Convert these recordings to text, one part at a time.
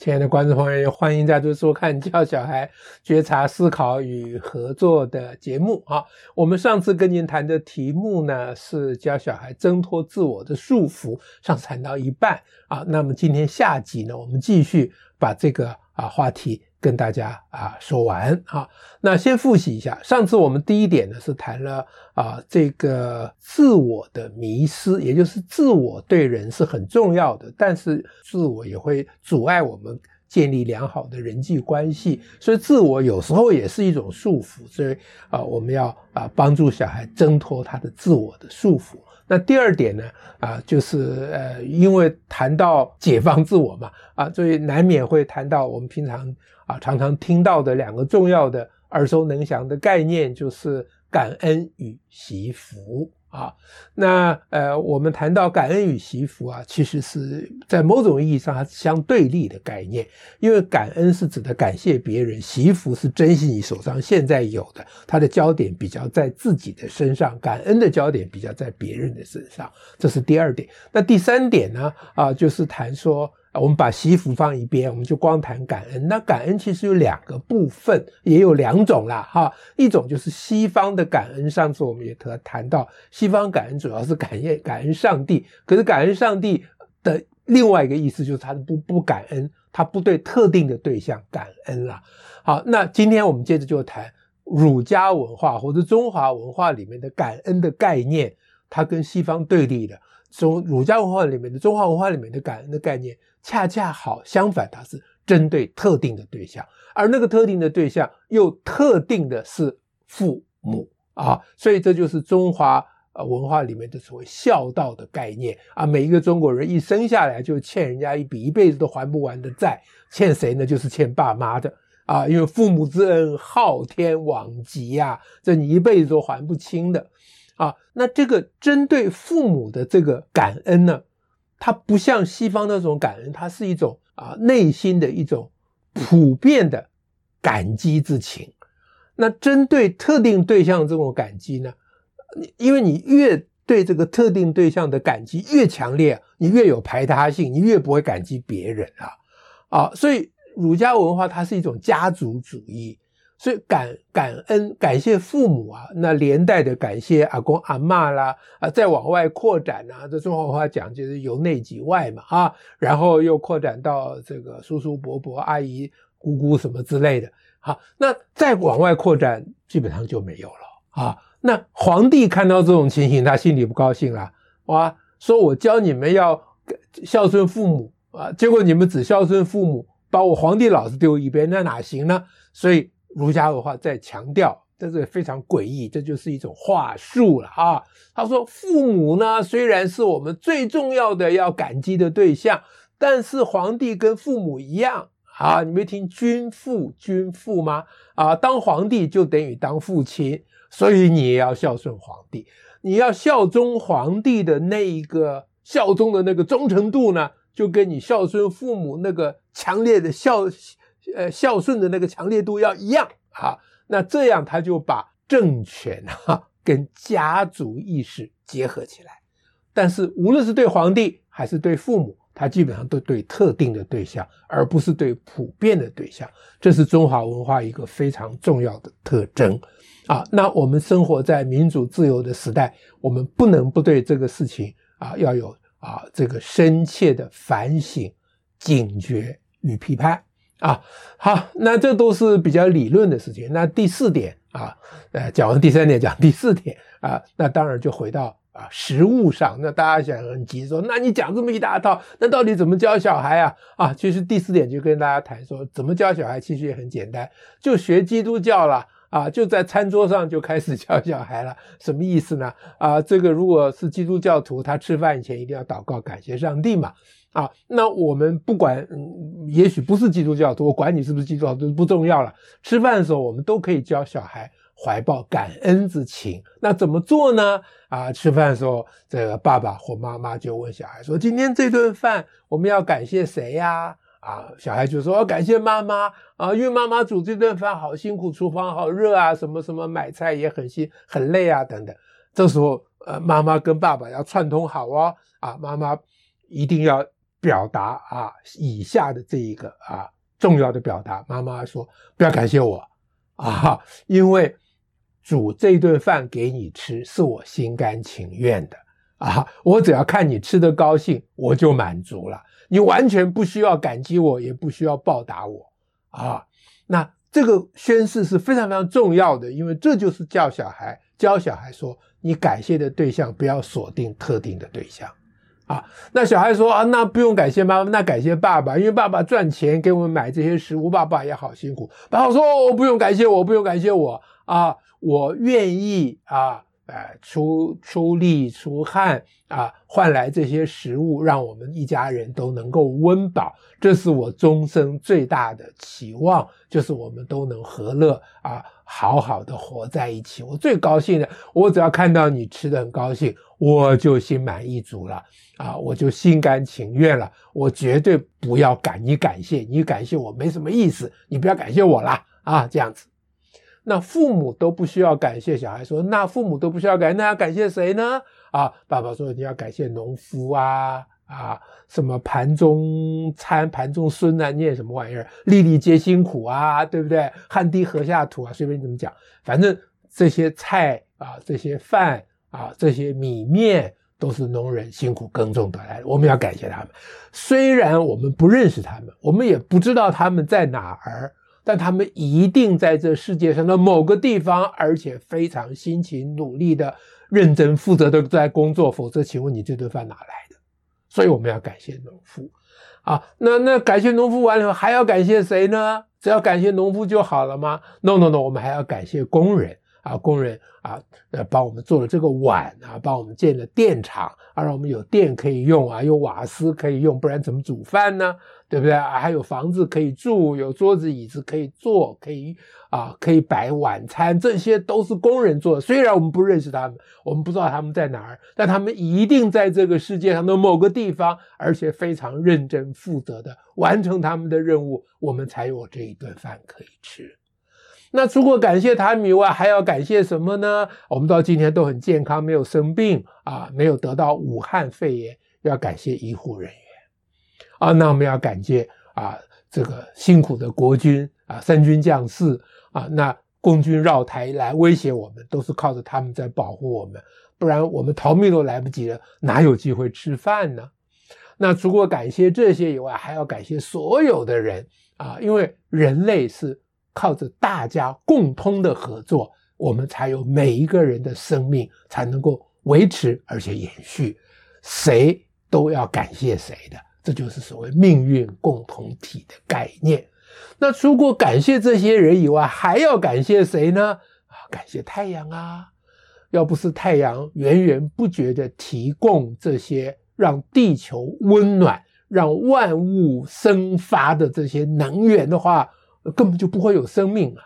親愛的觀眾朋友，歡迎大家收看教小孩覺察、思考與合作的節目啊！我們上次跟您談的題目呢，是教小孩掙脫自我的束縛，上次談到一半啊，那麼今天下集呢，我們繼續把這個啊話題。跟大家啊說完啊，那先複習一下，上次我們第一點呢是談了啊這個自我的迷失，也就是自我對人是很重要的，但是自我也會阻礙我們建立良好的人際關係，所以自我有時候也是一種束縛，所以啊我們要啊幫助小孩掙脫他的自我的束縛。那第二點呢，啊，就是呃，因為談到解放自我嘛，啊，所以難免會談到我們平常啊常常聽到的兩個重要的耳熟能詳的概念，就是感恩與惜福。啊，那呃，我們談到感恩與惜福啊，其實是在某種意義上，它是相對立的概念，因為感恩是指的感謝別人，惜福是珍惜你手上現在有的，它的焦點比較在自己的身上，感恩的焦點比較在別人的身上，這是第二點。那第三點呢，啊，就是談說，我們把惜福放一邊，我們就光談感恩。那感恩其實有兩個部分，也有兩種啦，哈。一種就是西方的感恩，上次我們也談談到，西方感恩主要是感謝感恩上帝。可是感恩上帝的另外一個意思就是他不不感恩，他不對特定的對象感恩啦。好，那今天我們接着就談儒家文化或者中華文化裡面的感恩的概念，它跟西方對立的從儒家文化裡面的中華文化裡面的感恩的概念，恰恰好相反，它是針對特定的對象，而那個特定的對象又特定的是父母啊，所以這就是中華呃文化裡面的所謂孝道的概念啊。每一個中國人一生下來就欠人家一筆一輩子都還不完的債，欠誰呢？就是欠爸媽的啊，因為父母之恩昊天罔極呀，這你一輩子都還不清的啊。那這個針對父母的這個感恩呢？它不像西方那種感恩，它是一種啊內心的一種普遍的感激之情。那針對特定對象這種感激呢？因為你越對這個特定對象的感激越強烈，你越有排他性，你越不會感激別人啊！啊，所以儒家文化它是一種家族主義。所以感感恩感謝父母啊，那連帶的感謝阿公阿嬤啦，啊，再往外擴展啊，這中國話講就是由內及外嘛，啊，然後又擴展到這個叔叔伯伯、阿姨、姑姑什麼之類的，好、啊，那再往外擴展，基本上就沒有了啊。那皇帝看到這種情形，他心裡不高興了、啊，哇，說我教你們要孝順父母啊，結果你們只孝順父母，把我皇帝老子丟一邊，那哪行呢？所以。儒家文化在強調，這是非常詭異，這就是一種話術了啊！他說：“父母呢雖然是我們最重要的要感激的對象，但是皇帝跟父母一樣啊！你沒聽‘君父’‘君父’嗎？啊，當皇帝就等於當父親，所以你也要孝順皇帝，你要效忠皇帝的那一個效忠的那個忠誠度呢，就跟你孝順父母那個強烈的孝。”呃，孝順的那個強烈度要一樣啊，那這樣他就把政權啊跟家族意識結合起來。但是無論是對皇帝還是對父母，他基本上都對特定的對象，而不是對普遍的對象。這是中華文化一個非常重要的特徵啊。那我們生活在民主自由的時代，我們不能不對這個事情啊要有啊這個深切的反省、警覺與批判。啊，好，那這都是比較理論的事情。那第四點啊，呃，講完第三點，講第四點啊，那當然就回到啊實務上。那大家想很急說，說那你講這麼一大套，那到底怎麼教小孩啊？啊，其實第四點就跟大家談說，怎麼教小孩其實也很簡單，就學基督教了啊，就在餐桌上就開始教小孩了。什麼意思呢？啊，這個如果是基督教徒，他吃飯以前一定要禱告感謝上帝嘛。啊，那我們不管，嗯，也許不是基督教徒，我管你是不是基督教徒，不重要了。吃飯的時候，我們都可以教小孩懷抱感恩之情。那怎麼做呢？啊，吃飯的時候，這個爸爸或媽媽就問小孩說：“今天這頓飯我們要感謝誰呀？”啊，小孩就說：“哦，感謝媽媽啊，因為媽媽煮這頓飯好辛苦，廚房好熱啊，什麼什麼買菜也很辛很累啊，等等。”這時候，呃，媽媽跟爸爸要串通好哦，啊，媽媽一定要。表達啊，以下的這一個啊重要的表達，媽媽說，不要感謝我啊，因為煮這頓飯給你吃是我心甘情願的啊，我只要看你吃得高興，我就滿足了，你完全不需要感激我，也不需要報答我啊。那這個宣誓是非常非常重要的，因為這就是教小孩、教小孩說，你感謝的對象不要鎖定特定的對象。啊，那小孩說啊，那不用感謝媽媽，那感謝爸爸，因為爸爸賺錢給我們買這些食物，爸爸也好辛苦。爸爸說哦，不用感謝我，我不用感謝我啊，我願意啊。呃，出出力、出汗啊，換來這些食物，讓我們一家人都能夠溫飽，這是我終生最大的期望，就是我們都能和樂啊，好好的活在一起。我最高興的，我只要看到你吃的很高興，我就心滿意足了啊，我就心甘情願了。我絕對不要感你感謝，你感謝我沒什麼意思，你不要感謝我了啊，這樣子。那父母都不需要感謝小孩說，那父母都不需要感，那要感謝誰呢？啊，爸爸說你要感謝農夫啊，啊，什麼盤中餐，盤中飧啊，念什麼玩意兒？粒粒皆辛苦啊，對不對？汗滴禾下土啊，隨便你怎麼講，反正這些菜啊，這些飯啊，這些米麵都是農人辛苦耕種得來的，我們要感謝他們。雖然我們不認識他們，我們也不知道他們在哪兒。但他們一定在這世界上的某個地方，而且非常辛勤努力的、認真負責的在工作，否則，請問你這頓飯哪來的？所以我們要感謝農夫，啊，那那感謝農夫完了以後還要感謝誰呢？只要感謝農夫就好了嗎？No, no, no，我們還要感謝工人啊，工人啊，呃，幫我們做了這個碗啊，幫我們建了電廠啊，讓我們有電可以用啊，有瓦斯可以用，不然怎麼煮飯呢？對不對啊？還有房子可以住，有桌子椅子可以坐，可以啊，可以擺晚餐，這些都是工人做的。雖然我們不認識他們，我們不知道他們在哪兒，但他們一定在這個世界上的某個地方，而且非常認真負責的完成他們的任務，我們才有這一頓飯可以吃。那除過感謝他們以外，還要感謝什麼呢？我們到今天都很健康，沒有生病啊，沒有得到武漢肺炎，要感謝醫護人員。啊，那我們要感謝啊，這個辛苦的國軍啊，三軍將士啊，那共軍繞台來威脅我們，都是靠着他們在保護我們，不然我們逃命都來不及了，哪有機會吃飯呢？那除了感謝這些以外，還要感謝所有的人啊，因為人類是靠着大家共通的合作，我們才有每一個人的生命才能夠維持而且延續，誰都要感謝誰的。這就是所謂命運共同體的概念。那除過感謝這些人以外，還要感謝誰呢？啊，感謝太陽啊！要不是太陽源源不絕地提供這些讓地球溫暖、讓萬物生發的這些能源的話，呃，根本就不會有生命啊！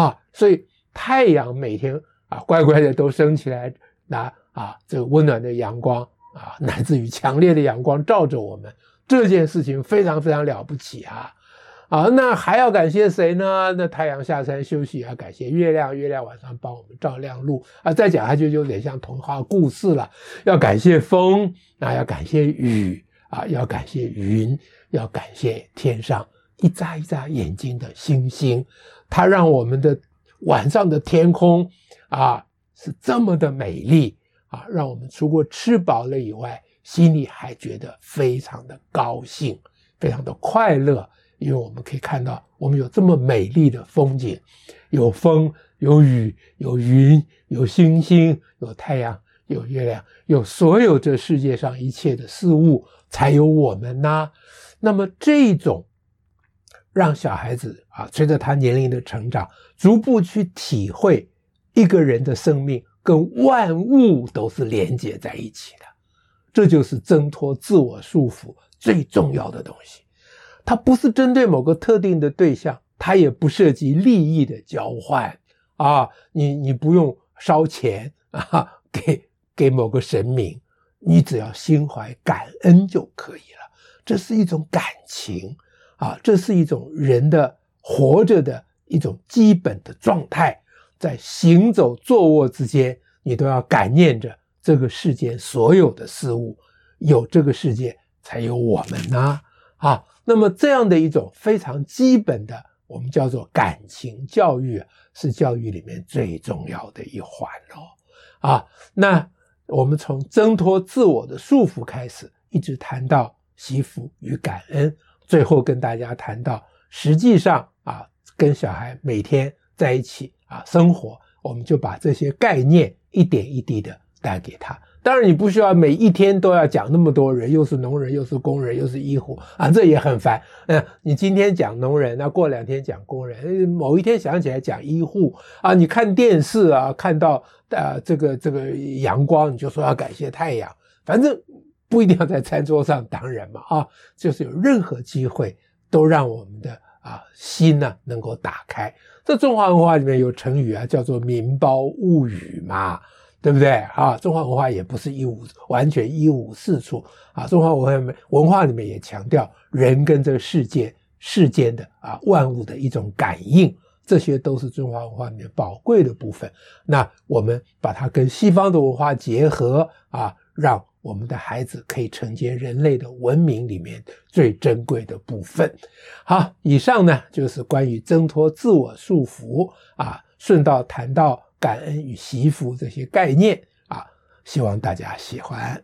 啊，所以太陽每天啊乖乖的都升起來，拿啊這個溫暖的陽光。啊，乃至於強烈的陽光照着我們，這件事情非常非常了不起啊！啊，那還要感謝誰呢？那太陽下山休息要感謝月亮，月亮晚上幫我們照亮路啊。再講下去就有點像童話故事了，要感謝風啊，要感謝雨啊，要感謝雲，要感謝天上一眨一眨眼睛的星星，它讓我們的晚上的天空啊是這麼的美麗。啊，讓我們除過吃飽了以外，心裡還覺得非常的高興，非常的快樂，因為我們可以看到，我們有這麼美麗的風景，有風，有雨，有雲，有星星，有太陽，有月亮，有所有這世界上一切的事物，才有我們吶。那麼這種讓小孩子啊，隨着他年齡的成長，逐步去體會一個人的生命。跟萬物都是連接在一起的，這就是掙脫自我束縛最重要的東西。它不是針對某個特定的對象，它也不涉及利益的交換啊。你你不用燒錢啊，給給某個神明，你只要心懷感恩就可以了。這是一種感情啊，這是一種人的活着的一種基本的狀態。在行走、坐臥之間，你都要感念着這個世間所有的事物，有這個世界才有我們吶！啊，那麼這樣的一種非常基本的，我們叫做感情教育，是教育裡面最重要的一環哦。啊，那我們從掙脫自我的束縛開始，一直談到惜福與感恩，最後跟大家談到，實際上啊，跟小孩每天在一起，啊，生活，我們就把這些概念一點一滴的帶給他。當然，你不需要每一天都要講那麼多人，又是農人，又是工人，又是醫護啊，這也很煩。嗯，你今天講農人，那過兩天講工人，某一天想起來講醫護啊。你看電視啊，看到呃這個這個陽光，你就說要感謝太陽。反正不一定要在餐桌上，當人嘛，啊，就是有任何機會都讓我們的。啊，心呢能夠打開。這中華文化裡面有成語啊，叫做「民胞物與」嘛，對不對啊？中華文化也不是一無完全一無是處啊。中華文化裡面文化裡面也強調人跟這個世界、世間的啊萬物的一種感應，這些都是中華文化裡面寶貴的部分。那我們把它跟西方的文化結合啊。讓我們的孩子可以承接人類的文明裡面最珍貴的部分。好，以上呢就是關於掙脫自我束縛啊，順道談到感恩與惜福這些概念啊，希望大家喜歡。